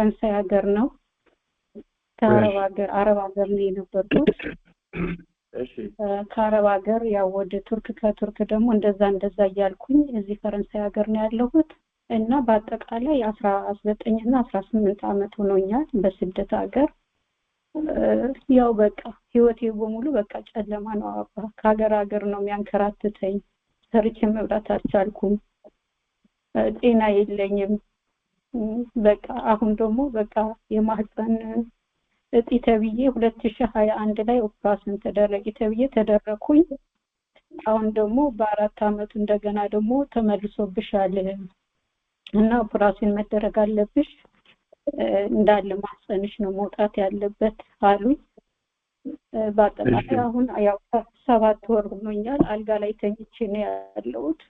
ፈረንሳይ ሀገር ነው ከአረብ ሀገር አረብ ሀገር ነው የነበርኩት ከአረብ ሀገር ያው ወደ ቱርክ ከቱርክ ደግሞ እንደዛ እንደዛ እያልኩኝ እዚህ ፈረንሳይ ሀገር ነው ያለሁት እና በአጠቃላይ አስራ ዘጠኝ እና አስራ ስምንት ዓመት ሆኖኛል በስደት ሀገር ያው በቃ ህይወቴ በሙሉ በቃ ጨለማ ነው አባ ከሀገር ሀገር ነው የሚያንከራትተኝ ሰርቼ መብላት አልቻልኩም ጤና የለኝም በቃ አሁን ደግሞ በቃ የማህፀን እጢ ተብዬ ሁለት ሺ ሀያ አንድ ላይ ኦፕራሽን ተደረገ ተብዬ ተደረኩኝ። አሁን ደግሞ በአራት አመቱ እንደገና ደግሞ ተመልሶብሻል እና ኦፕራሽን መደረግ አለብሽ እንዳለ ማህፀንሽ ነው መውጣት ያለበት አሉኝ። በአጠቃላይ አሁን ያው ሰባት ወር ሆኖኛል። አልጋ ላይ ተኝቼ ነው ያለሁት።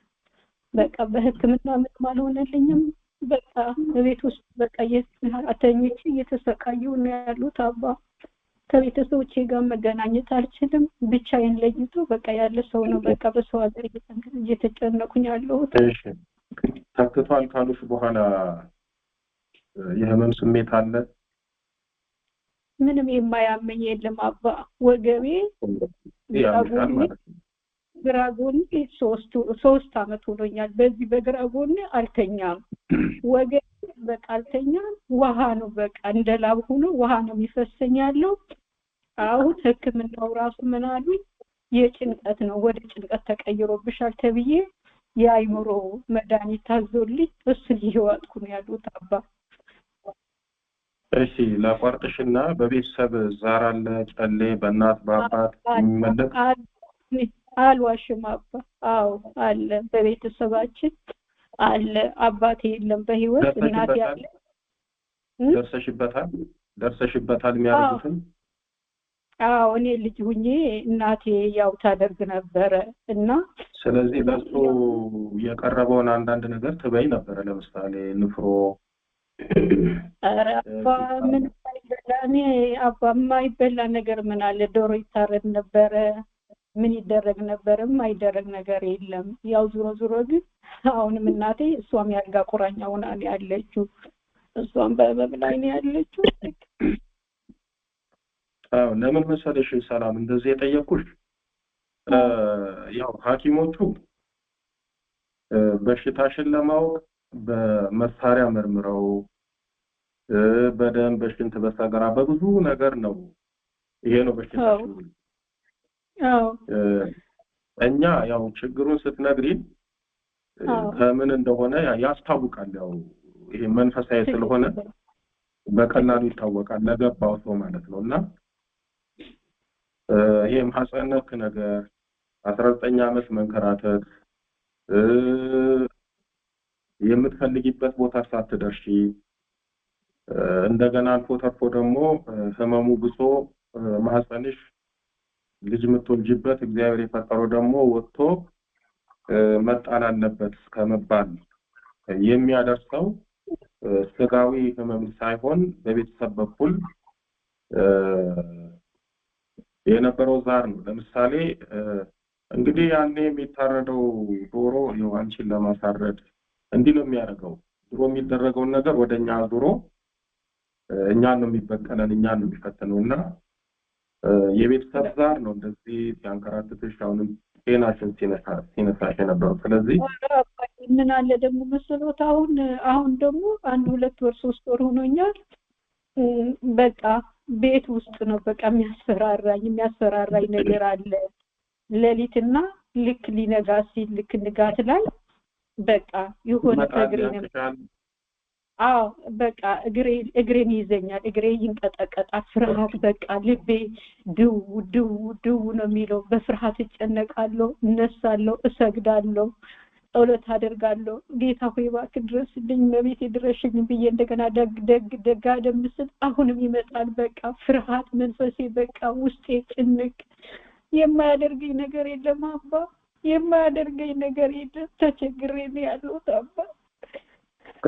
በቃ በህክምና ምንም አልሆነልኝም። በቃ በቤት ውስጥ በቃ የተኝቼ እየተሰቃዩ ነው ያሉት አባ። ከቤተሰቦቼ ጋር መገናኘት አልችልም። ብቻዬን ለይቶ በቃ ያለ ሰው ነው በቃ በሰው ሀገር እየተጨነኩኝ ያለሁት። ተክቷል ካሉሽ በኋላ የህመም ስሜት አለ? ምንም የማያመኝ የለም አባ። ወገቤ ግራ ሶስት አመት ሆኖኛል። በዚህ በግራ ጎን አልተኛም፣ ወገን በቃ አልተኛም። ውሃ ነው በቃ እንደ ላብ ሆኖ ውሃ ነው የሚፈሰኝ ያለው። አሁን ህክምናው ራሱ ምን አሉኝ፣ የጭንቀት ነው ወደ ጭንቀት ተቀይሮብሻል ተብዬ የአይምሮ መድኃኒት ታዞልኝ እሱን እየዋጥኩ ነው ያሉት አባ። እሺ ላቋርጥሽና በቤተሰብ ዛር አለ ጨሌ በእናት በአባት የሚመለክ አልዋሽም አባ። አዎ አለ፣ በቤተሰባችን አለ። አባቴ የለም በህይወት እናት ያለ ደርሰሽበታል ደርሰሽበታል የሚያደርጉትን አዎ እኔ ልጅ ሁኜ እናቴ ያው ታደርግ ነበረ እና ስለዚህ ለሱ የቀረበውን አንዳንድ ነገር ትበይ ነበረ። ለምሳሌ ንፍሮ። ኧረ አባ ምን ይበላ እኔ አባ የማይበላ ነገር ምን አለ? ዶሮ ይታረድ ነበረ ምን ይደረግ ነበርም አይደረግ ነገር የለም። ያው ዞሮ ዞሮ ግን አሁንም እናቴ እሷም ያልጋ ቁራኛ ሆና ነው ያለችው። እሷም በህመም ላይ ነው ያለችው። አዎ ለምን መሰለሽ ሰላም እንደዚህ የጠየኩሽ ያው ሐኪሞቹ በሽታሽን ለማወቅ በመሳሪያ መርምረው በደንብ በሽንት በሰገራ በብዙ ነገር ነው ይሄ ነው በሽታሽ እኛ ያው ችግሩን ስትነግሪን ከምን እንደሆነ ያስታውቃል። ያው ይሄ መንፈሳዊ ስለሆነ በቀላሉ ይታወቃል ለገባው ሰው ማለት ነው። እና ይሄም ሐፀን ነክ ነገር አስራ ዘጠኝ ዓመት መንከራተት የምትፈልጊበት ቦታ ሳትደርሺ እንደገና አልፎ ተርፎ ደግሞ ህመሙ ብሶ ማህፀንሽ ልጅ የምትወልጅበት እግዚአብሔር የፈጠረው ደግሞ ወጥቶ መጣን አለበት ከመባል የሚያደርሰው ስጋዊ ህመም ሳይሆን በቤተሰብ በኩል የነበረው ዛር ነው። ለምሳሌ እንግዲህ ያኔ የሚታረደው ዶሮ ይኸው አንቺን ለማሳረድ እንዲህ ነው የሚያደርገው። ድሮ የሚደረገውን ነገር ወደ እኛ ዙሮ እኛን ነው የሚበቀለን፣ እኛን ነው የሚፈትነው እና የቤተሰብ ዛር ነው እንደዚህ ሲያንከራትትሽ አሁንም ጤናሽን ሲነሳሽ የነበረው። ስለዚህ ምን አለ ደግሞ መሰሎት አሁን አሁን ደግሞ አንድ ሁለት ወር ሶስት ወር ሆኖኛል። በቃ ቤት ውስጥ ነው በቃ የሚያስፈራራኝ የሚያስፈራራኝ ነገር አለ። ሌሊትና ልክ ሊነጋ ሲል ልክ ንጋት ላይ በቃ የሆነ ተግሬ ነው አዎ በቃ እግሬን ይዘኛል፣ እግሬ ይንቀጠቀጣል። ፍርሃት በቃ ልቤ ድው ድው ድው ነው የሚለው። በፍርሃት እጨነቃለሁ፣ እነሳለሁ፣ እሰግዳለሁ፣ ጸሎት አደርጋለሁ። ጌታ ሆይ እባክህ ድረስልኝ፣ መቤት ድረሽልኝ ብዬ እንደገና ደግ ደግ ደጋ ደምስል አሁንም ይመጣል። በቃ ፍርሃት መንፈሴ በቃ ውስጤ ጭንቅ። የማያደርገኝ ነገር የለም አባ፣ የማያደርገኝ ነገር የለም። ተቸግሬ ያለሁት አባ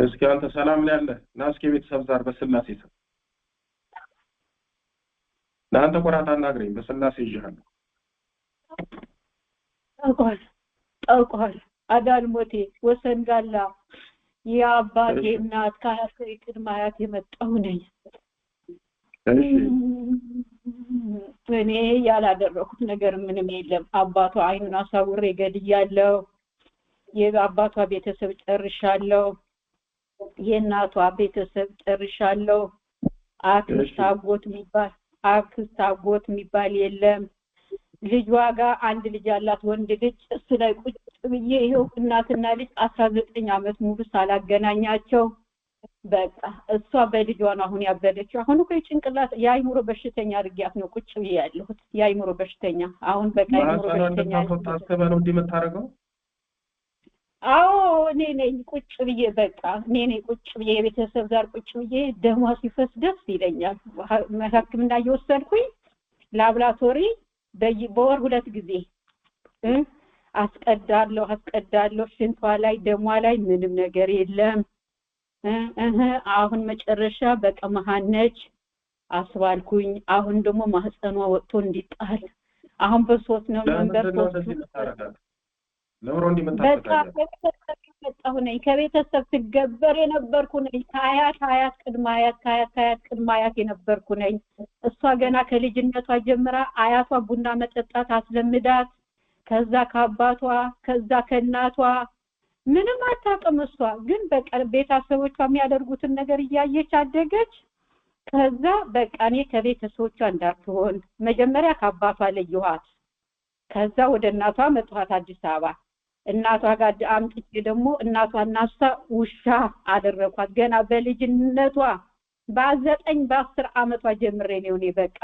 እስኪ አንተ ሰላም ላይ አለ ና እስኪ ቤተሰብ ዛር በስላሴ ስም ና አንተ ቆራጣ አናግረኝ በስላሴ ይዤሃለሁ ታውቋል ታውቋል አዳል ሞቴ ወሰን ጋላ የአባቴ እናት ከአያት ቅድመ አያት የመጣሁ ነኝ እኔ ያላደረኩት ነገር ምንም የለም አባቷ አይኑን አሳውሬ ገድያለሁ የአባቷ ቤተሰብ ጨርሻለሁ የእናቷ ቤተሰብ ጨርሻለሁ። አክስት አጎት የሚባል አክስት አጎት የሚባል የለም። ልጇ ጋር አንድ ልጅ አላት፣ ወንድ ልጅ። እሱ ላይ ቁጭ ብዬ ይኸው እናትና ልጅ አስራ ዘጠኝ ዓመት ሙሉ ሳላገናኛቸው በቃ እሷ በልጇ ነው አሁን ያበደችው። አሁን እኮ የጭንቅላት የአይምሮ በሽተኛ አድርጊያት ነው ቁጭ ብዬ ያለሁት። የአይምሮ በሽተኛ አሁን በቃ አይምሮ በሽተኛ ነው እንዲህ የምታደርገው አዎ እኔ ነኝ ቁጭ ብዬ በቃ እኔ ነኝ ቁጭ ብዬ የቤተሰብ ዛር ቁጭ ብዬ ደሟ ሲፈስ ደስ ይለኛል። ሕክምና እየወሰድኩኝ ላብራቶሪ በወር ሁለት ጊዜ አስቀዳለሁ አስቀዳለሁ። ሽንቷ ላይ ደሟ ላይ ምንም ነገር የለም። አሁን መጨረሻ በቃ መሀነች አስባልኩኝ። አሁን ደግሞ ማህፀኗ ወጥቶ እንዲጣል አሁን በሶስት ነው መንበር ለምሮ እንዲመጣሁ ነኝ ከቤተሰብ ስገበር የነበርኩ ነኝ ከአያት አያት ቅድመ አያት ከአያት አያት ቅድመ አያት የነበርኩ ነኝ። እሷ ገና ከልጅነቷ ጀምራ አያቷ ቡና መጠጣት አስለምዳት፣ ከዛ ከአባቷ ከዛ ከእናቷ ምንም አታውቅም። እሷ ግን በቃ ቤተሰቦቿ የሚያደርጉትን ነገር እያየች አደገች። ከዛ በቃ እኔ ከቤተሰቦቿ እንዳትሆን መጀመሪያ ከአባቷ ለየኋት። ከዛ ወደ እናቷ መጥኋት አዲስ አበባ እናቷ ጋር አምጥቼ ደግሞ እናቷ እናሷ ውሻ አደረኳት። ገና በልጅነቷ በዘጠኝ በአስር አመቷ ጀምሬ ነው እኔ በቃ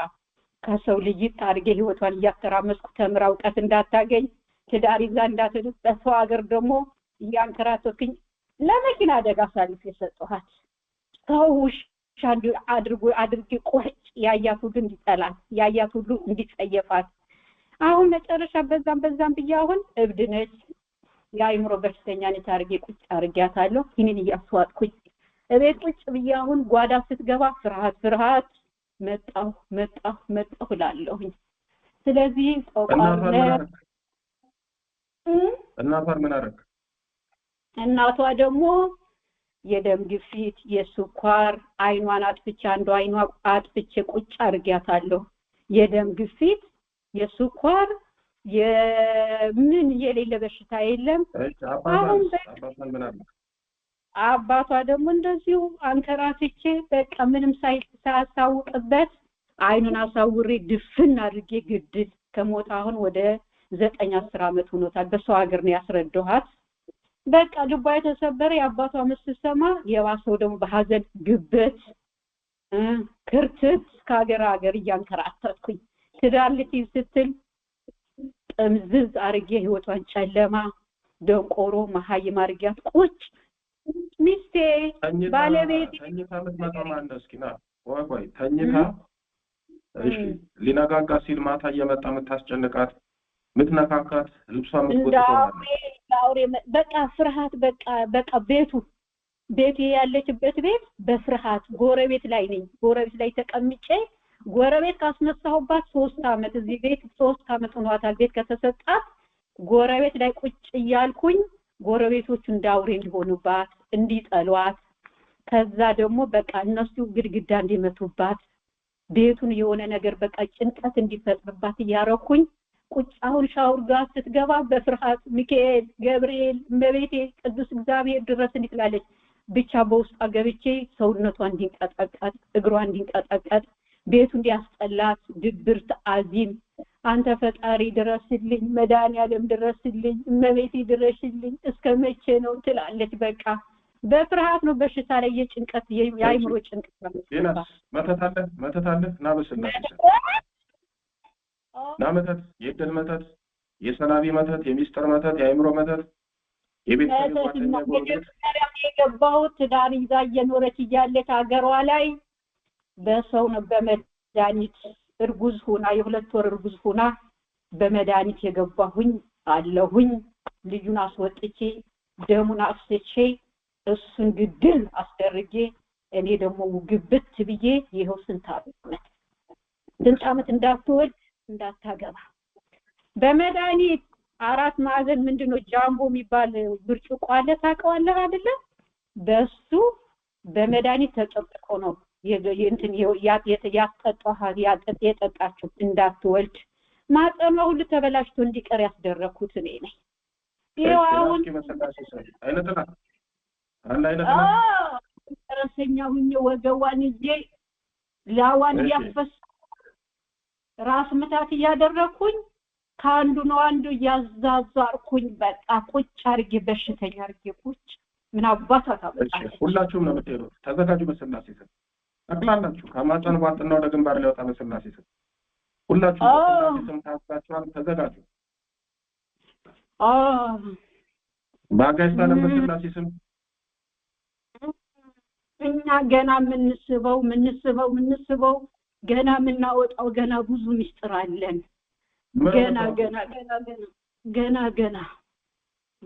ከሰው ልጅ ታርጌ ህይወቷን እያተራመስኩ ተምራ እውቀት እንዳታገኝ ትዳር ይዛ እንዳትሄድ በሰው ሀገር ደግሞ እያንከራተትኩኝ ለመኪና አደጋ አሳልፌ የሰጠኋት ሰው ውሻ አድርጎ አድርጌ ቆጭ ያያት ሁሉ እንዲጠላት ያያት ሁሉ እንዲጸየፋት አሁን መጨረሻ በዛም በዛም ብዬ አሁን እብድ ነች የአይምሮ በሽተኛ ነች አርጌ ቁጭ አርጊያታለሁ። ኪኒን እያስዋጥኩኝ እቤት ቁጭ ብዬ አሁን ጓዳ ስትገባ ፍርሃት ፍርሃት መጣሁ መጣሁ መጣሁ እላለሁኝ። ስለዚህ ጠቋርነት እናቷን ምን አደረግ እናቷ ደግሞ የደም ግፊት የስኳር አይኗን አጥፍቼ አንዱ አይኗ አጥፍቼ ቁጭ አርጊያታለሁ። የደም ግፊት የስኳር የምን የሌለ በሽታ የለም። አሁን አባቷ ደግሞ እንደዚሁ አንከራትቼ በቃ ምንም ሳያሳውቅበት አይኑን አሳውሬ ድፍን አድርጌ ግድል ከሞት አሁን ወደ ዘጠኝ አስር ዓመት ሆኖታል። በሰው ሀገር ነው ያስረዳኋት። በቃ ልቧ የተሰበረ የአባቷ ምስ ስትሰማ የባሰው ደግሞ በሀዘን ግበት ክርትት ከሀገር ሀገር እያንከራተትኩኝ ትዳር ልትይዝ ስትል ጥምዝዝ አርጌ ህይወቷን ጨለማ ደንቆሮ መሀይም አርጊያት ቁጭ ሚስቴ ባለቤት ተኝታ ሊነጋጋ ሲል ማታ እየመጣ የምታስጨንቃት ምትነካካት፣ ልብሷ ምትጎትተውሬ በቃ ፍርሃት በቃ በቃ ቤቱ ቤት ያለችበት ቤት በፍርሃት ጎረቤት ላይ ነኝ ጎረቤት ላይ ተቀምጬ ጎረቤት ካስነሳሁባት ሶስት አመት እዚህ ቤት ሶስት አመት ሆኗታል። ቤት ከተሰጣት ጎረቤት ላይ ቁጭ እያልኩኝ ጎረቤቶቹ እንዳውሬ እንዲሆኑባት እንዲጠሏት፣ ከዛ ደግሞ በቃ እነሱ ግድግዳ እንዲመቱባት ቤቱን የሆነ ነገር በቃ ጭንቀት እንዲፈጥርባት እያረኩኝ ቁጭ አሁን ሻውር ጋር ስትገባ በፍርሃት ሚካኤል፣ ገብርኤል፣ እመቤቴ፣ ቅዱስ እግዚአብሔር ድረስ እንዲትላለች ብቻ በውስጧ ገብቼ ሰውነቷ እንዲንቀጠቀጥ እግሯ እንዲንቀጠቀጥ ቤቱ እንዲያስጠላት ድብርት፣ አዚም አንተ ፈጣሪ ድረስልኝ፣ መድኃኒዓለም ድረስልኝ፣ እመቤቴ ድረሽልኝ፣ እስከ መቼ ነው ትላለች። በቃ በፍርሃት ነው በሽታ ላይ የጭንቀት የአይምሮ ጭንቀት መተታለ መተታለ መተት ና መተት የእድል መተት የሰናቢ መተት የሚስጥር መተት የአይምሮ መተት የቤተሰብ የገባው ትዳር ይዛ እየኖረች እያለች ሀገሯ ላይ በሰው በመድኃኒት እርጉዝ ሁና የሁለት ወር እርጉዝ ሁና በመድኃኒት የገባሁኝ አለሁኝ። ልጁን አስወጥቼ ደሙን አፍስቼ እሱን ግድል አስደርጌ እኔ ደግሞ ውግብት ብዬ ይኸው ስንት ዓመት ስንት ዓመት እንዳትወድ እንዳታገባ በመድኃኒት አራት ማዕዘን ምንድን ነው ጃምቦ የሚባል ብርጭቆ አለ ታውቀዋለህ አይደለም? በሱ በመድኃኒት ተጠብቆ ነው እንትን ያስጠጣህ የጠጣችሁ እንዳትወልድ ማጸኗ ሁሉ ተበላሽቶ እንዲቀር ያስደረግኩት እኔ ነኝ። ይኸው አሁን ረሰኛ ሁኜ ወገቧን ይዤ ላዋን እያፈስ ራስ ምታት እያደረግኩኝ ከአንዱ ነው አንዱ እያዛዛርኩኝ በቃ ቁጭ አርጌ በሽተኛ አርጌ ቁጭ ምን አባታ ታመጣለች። ሁላችሁም ነው የምትሄዱት። ተዘጋጁ። በስላሴ ጠቅላላችሁ ከማጫን ባጥና ወደ ግንባር ሊወጣ በስላሴ ስም ሁላችሁ በስላሴ ስም ታስባችኋል። ተዘጋጁ። በአጋዕዝተ በስላሴ ስም እኛ ገና የምንስበው የምንስበው የምንስበው ገና የምናወጣው ገና ብዙ ምስጢር አለን። ገና ገና ገና ገና ገና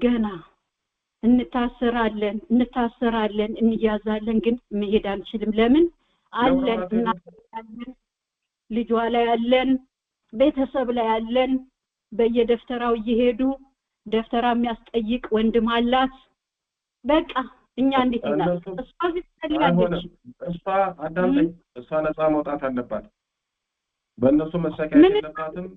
ገና እንታስራለን እንታሰራለን እንያዛለን፣ ግን መሄድ አንችልም። ለምን አለን እናለን፣ ልጇ ላይ አለን፣ ቤተሰብ ላይ አለን። በየደፍተራው እየሄዱ ደፍተራ የሚያስጠይቅ ወንድም አላት። በቃ እኛ እንዴት እናት እሷ ትፈልጋለች። እሷ አዳምጠኝ፣ እሷ ነፃ መውጣት አለባት። በእነሱ መሰካየት የለባትም።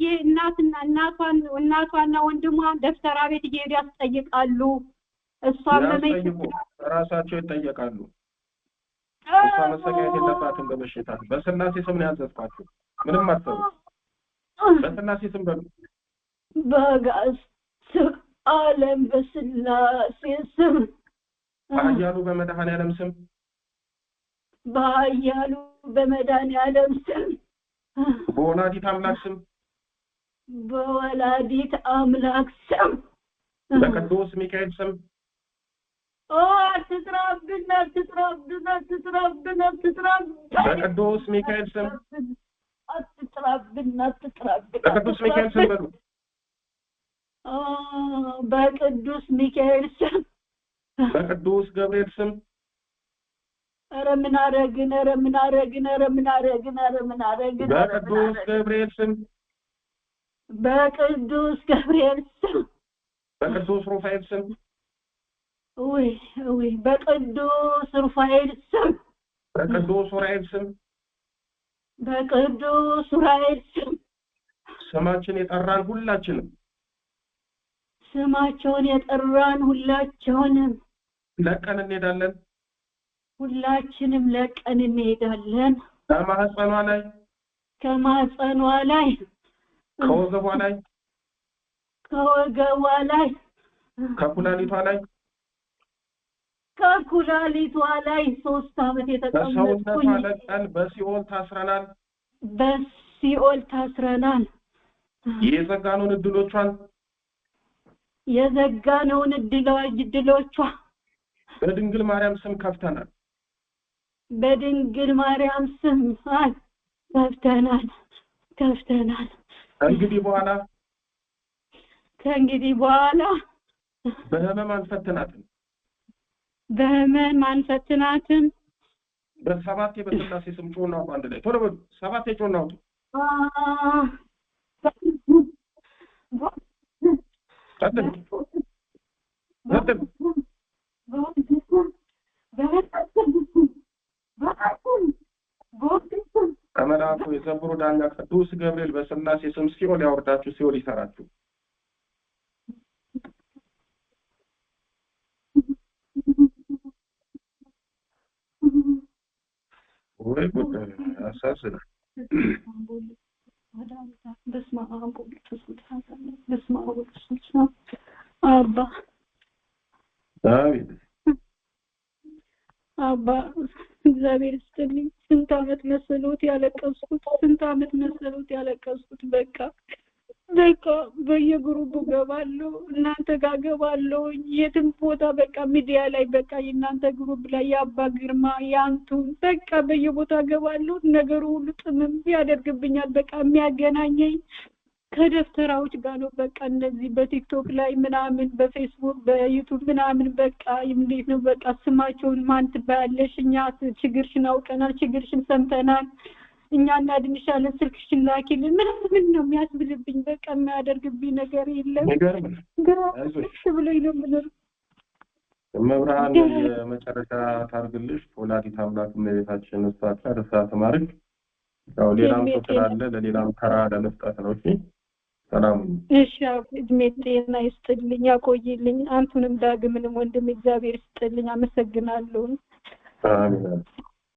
ይሄ እናትና እናቷን እናቷና ወንድሟ ደፍተራ ቤት እየሄዱ ያስጠይቃሉ። እሷ መመይ ራሳቸው ይጠየቃሉ። እሷ መሰቃየት የለባትም በበሽታ በስላሴ ስም ነው ያዘዝኳችሁ ምንም አትሰሩ በስላሴ ስም በሉ በጋዝ አለም በስላሴ ስም በአያሉ በመድኃኔዓለም ስም በአያሉ በመድኃኔዓለም ስም በወላዲት አምላክ ስም በወላዲት አምላክ ስም በቅዱስ ሚካኤል ስም አትስራብን፣ አትስራብን፣ በቅዱስ ሚካኤል ስም በቅዱስ ሚካኤል ስም በሉ። በቅዱስ ሚካኤል ስም በቅዱስ ገብርኤል ስም ኧረ ምን አደረግን? ኧረ ምን አደረግን? ኧረ ምን አደረግን? ኧረ ምን አደረግን? በቅዱስ ገብርኤል ስም በቅዱስ ገብርኤል ስም በቅዱስ ሩፋኤል ስም ውይ ውይ በቅዱስ ሩፋኤል ስም በቅዱስ ሩፋኤል ስም በቅዱስ ሩፋኤል ስም ስማችን የጠራን ሁላችንም ስማቸውን የጠራን ሁላቸውንም ለቀን እንሄዳለን። ሁላችንም ለቀን እንሄዳለን። ከማህፀኗ ላይ ከማህፀኗ ላይ ከወገቧ ላይ ከወገቧ ላይ ከኩላሊቷ ላይ ከኩላሊቷ ላይ ሶስት ዓመት የተቀመጥኩኝ በሲኦል ታስረናል። በሲኦል ታስረናል። የዘጋነውን እድሎቿን የዘጋነውን እድሎቿ በድንግል ማርያም ስም ከፍተናል። በድንግል ማርያም ስም አይ ከፍተናል ከፍተናል። ከእንግዲህ በኋላ ከእንግዲህ በኋላ በህመም አንፈትናትም። በመን ማንፈትናትም በሰባቴ በስላሴ ስም ጮና አውጡ። አንድ ላይ ቶሎ በሉ። ሰባቴ ጮና አውጡ። ቀጥል የዘብሩ ዳኛ ቅዱስ ገብርኤል በስላሴ ስም ሲኦል ያወርዳችሁ፣ ሲኦል ይሰራችሁ። ሳስነ አባ እግዚአብሔር ይስጥልኝ። ስንት አመት መሰሎት ያለቀስኩት፣ ስንት አመት መሰሎት ያለቀስኩት። በቃ በቃ በየግሩቡ ገባለሁ እናንተ ጋር ገባለሁ። የትም ቦታ በቃ ሚዲያ ላይ በቃ የእናንተ ግሩብ ላይ የአባ ግርማ የአንቱን በቃ በየቦታ ገባለሁ። ነገሩ ሁሉ ጥምም ያደርግብኛል። በቃ የሚያገናኘኝ ከደብተራዎች ጋር ነው። በቃ እነዚህ በቲክቶክ ላይ ምናምን፣ በፌስቡክ በዩቱብ ምናምን በቃ እንዴት ነው በቃ ስማቸውን ማን ትባያለሽ? እኛ ችግርሽን አውቀናል፣ ችግርሽን ሰምተናል እኛ እናድንሻለን ስልክሽን ላኪልን ምን ነው የሚያስብልብኝ። በቃ የሚያደርግብኝ ነገር የለም። ግራስ ብሎኝ ነው የምኖር። መብርሃን የመጨረሻ ታርግልሽ። ወላዲት አምላክ እመቤታችን እሷ ጨርሳ ትማርክ። ያው ሌላም ሰው ስላለ ለሌላም ተራ ለመስጠት ነው። እሺ ሰላም። እሺ እድሜ ጤና ይስጥልኝ፣ ያቆይልኝ። አንቱንም ዳግምንም ወንድም እግዚአብሔር ይስጥልኝ። አመሰግናለሁ። አሜን።